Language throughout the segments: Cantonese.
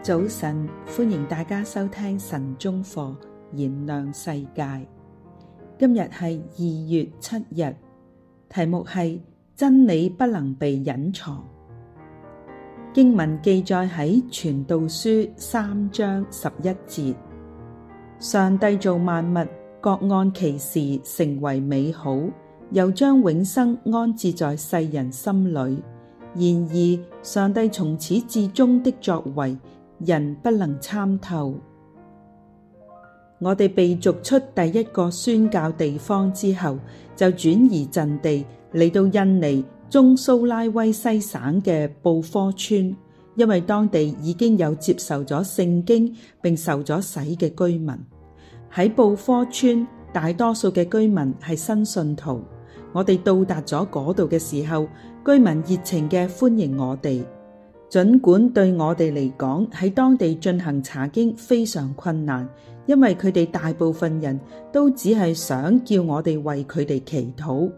早晨，歡迎大家收聽晨鐘課，燃亮世界。今日係二月七日，題目係真理不能被隱藏。經文記載喺《傳道書》三章十一節，上帝造萬物，各按其時成為美好，又將永生安置在世人心裏。然而，上帝從始至終的作為，人不能參透。我哋被逐出第一個宣教地方之後，就轉移陣地嚟到印尼中蘇拉威西省嘅布科村，因為當地已經有接受咗聖經並受咗洗嘅居民。喺布科村，大多數嘅居民係新信徒。我哋到達咗嗰度嘅時候，居民熱情嘅歡迎我哋。儘管對我哋嚟講，喺當地進行查經非常困難，因為佢哋大部分人都只係想叫我哋為佢哋祈禱。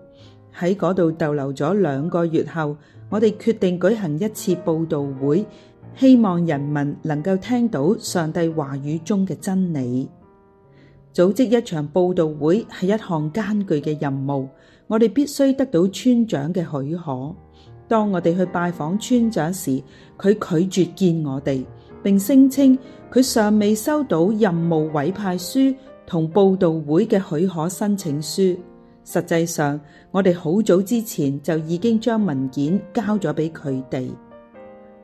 喺嗰度逗留咗兩個月後，我哋決定舉行一次佈道會，希望人民能夠聽到上帝話語中嘅真理。組織一場佈道會係一項艱鉅嘅任務，我哋必須得到村長嘅許可。當我哋去拜訪村長時，佢拒絕見我哋，並聲稱佢尚未收到任務委派書同佈道會嘅許可申請書。實際上，我哋好早之前就已經將文件交咗俾佢哋。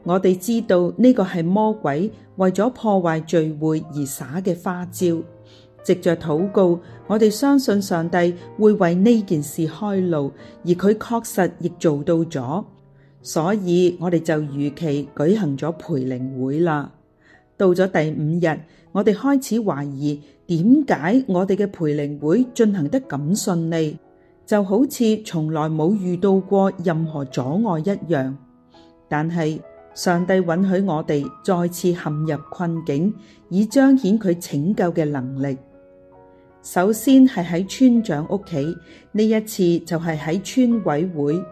我哋知道呢個係魔鬼為咗破壞聚會而耍嘅花招。藉着禱告，我哋相信上帝會為呢件事開路，而佢確實亦做到咗。所以我哋就如期舉行咗培靈會啦。到咗第五日，我哋開始懷疑點解我哋嘅培靈會進行得咁順利，就好似從來冇遇到過任何阻礙一樣。但係上帝允許我哋再次陷入困境，以彰顯佢拯救嘅能力。首先係喺村長屋企，呢一次就係喺村委會。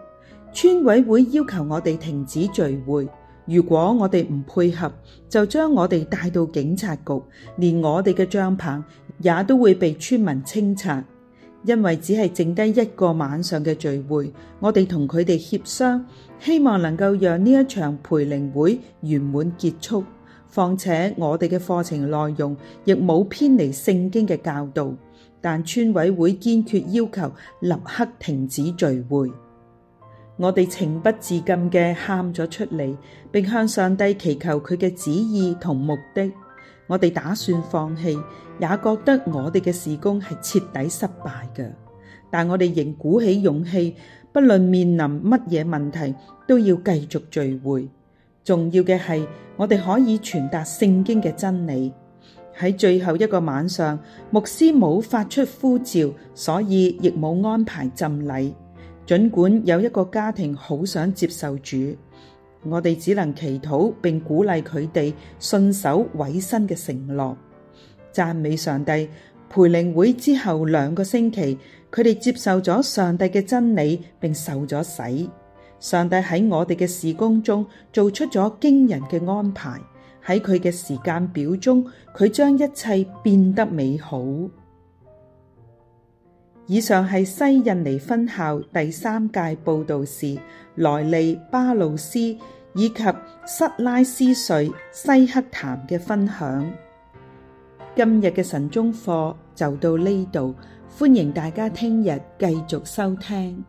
村委會要求我哋停止聚會，如果我哋唔配合，就將我哋帶到警察局，連我哋嘅帳篷也都會被村民清拆。因為只係剩低一個晚上嘅聚會，我哋同佢哋協商，希望能夠讓呢一場培靈會圓滿結束。況且我哋嘅課程內容亦冇偏離聖經嘅教導，但村委會堅決要求立刻停止聚會。我哋情不自禁嘅喊咗出嚟，並向上帝祈求佢嘅旨意同目的。我哋打算放棄，也覺得我哋嘅事工係徹底失敗嘅。但我哋仍鼓起勇氣，不論面臨乜嘢問題，都要繼續聚會。重要嘅係，我哋可以傳達聖經嘅真理。喺最後一個晚上，牧師冇發出呼召，所以亦冇安排浸禮。儘管有一個家庭好想接受主，我哋只能祈禱並鼓勵佢哋信守委身嘅承諾。讚美上帝，培靈會之後兩個星期，佢哋接受咗上帝嘅真理並受咗洗。上帝喺我哋嘅事工中做出了驚人的安排，喺佢嘅時間表中，佢將一切變得美好。以上係西印尼分校第三屆佈道士，萊利巴魯斯以及塞拉斯瑞西克談嘅分享。今日嘅晨鐘課就到呢度，歡迎大家聽日繼續收聽。